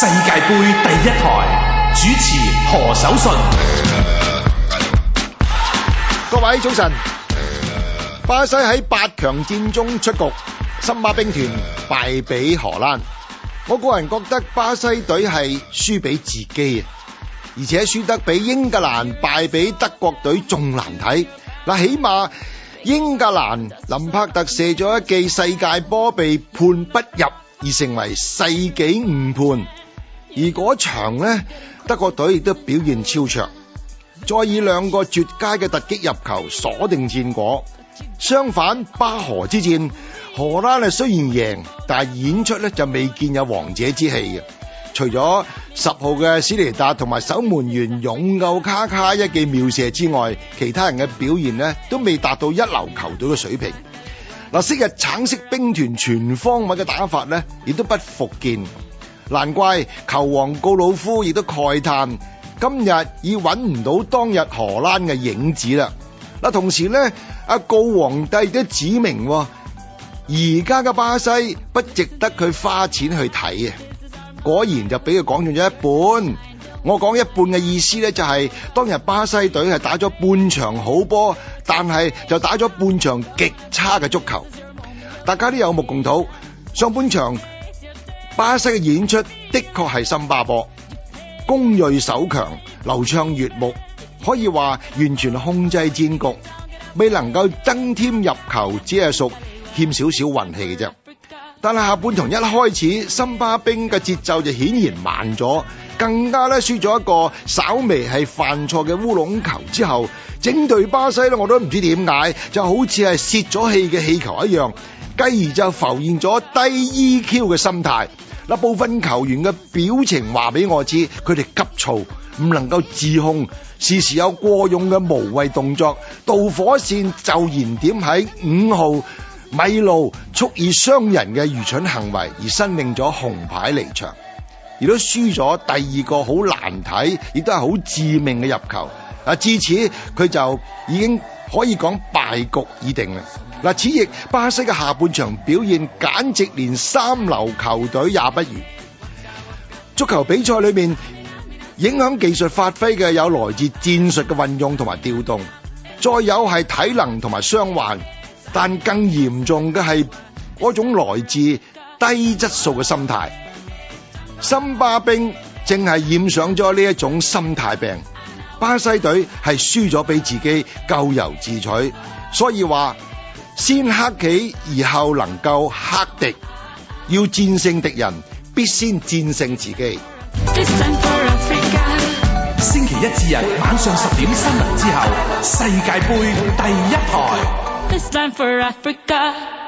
世界盃第一台主持何守信，各位早晨。巴西喺八強戰中出局，森巴兵團敗俾荷蘭。我個人覺得巴西隊係輸俾自己啊，而且輸得比英格蘭敗俾德國隊仲難睇。嗱，起碼英格蘭林柏特射咗一記世界波被判不入，而成為世紀誤判。而嗰場呢，德國隊亦都表現超卓，再以兩個絕佳嘅突擊入球鎖定戰果。相反，巴荷之戰，荷蘭咧雖然贏，但係演出咧就未見有王者之氣嘅。除咗十號嘅史尼達同埋守門員勇救卡卡一記妙射之外，其他人嘅表現咧都未達到一流球隊嘅水平。嗱，昔日橙色兵團全方位嘅打法呢，亦都不復見。難怪球王告魯夫亦都慨嘆今日已揾唔到當日荷蘭嘅影子啦。嗱，同時咧，阿告皇帝都指明，而家嘅巴西不值得佢花錢去睇嘅。果然就俾佢講中咗一半。我講一半嘅意思咧，就是，就係當日巴西隊係打咗半場好波，但係就打咗半場極差嘅足球。大家都有目共睹，上半場。巴西嘅演出的確係森巴波，攻銳守強，流暢悦目，可以話完全控制戰局，未能夠增添入球，只係屬欠少少運氣嘅啫。但係下半場一開始，森巴兵嘅節奏就顯然慢咗，更加咧輸咗一個稍微係犯錯嘅烏龍球之後，整隊巴西咧，我都唔知點解就好似係泄咗氣嘅氣球一樣。繼而就浮現咗低 EQ 嘅心態，嗱，部分球員嘅表情話俾我知，佢哋急躁，唔能夠自控，時時有過勇嘅無謂動作，導火綫就燃點喺五號米路蓄意傷人嘅愚蠢行為而申領咗紅牌離場，亦都輸咗第二個好難睇，亦都係好致命嘅入球。嗱，至此佢就已經可以講敗局已定啦。嗱，此役巴西嘅下半場表現簡直連三流球隊也不如。足球比賽裏面影響技術發揮嘅有來自戰術嘅運用同埋調動，再有係體能同埋傷患，但更嚴重嘅係嗰種來自低質素嘅心態。森巴兵正係染上咗呢一種心態病。巴西隊係輸咗俾自己，咎由自取。所以話，先克己，而後能夠克敵。要戰勝敵人，必先戰勝自己。星期一至日晚上十點新聞之後，世界盃第一台。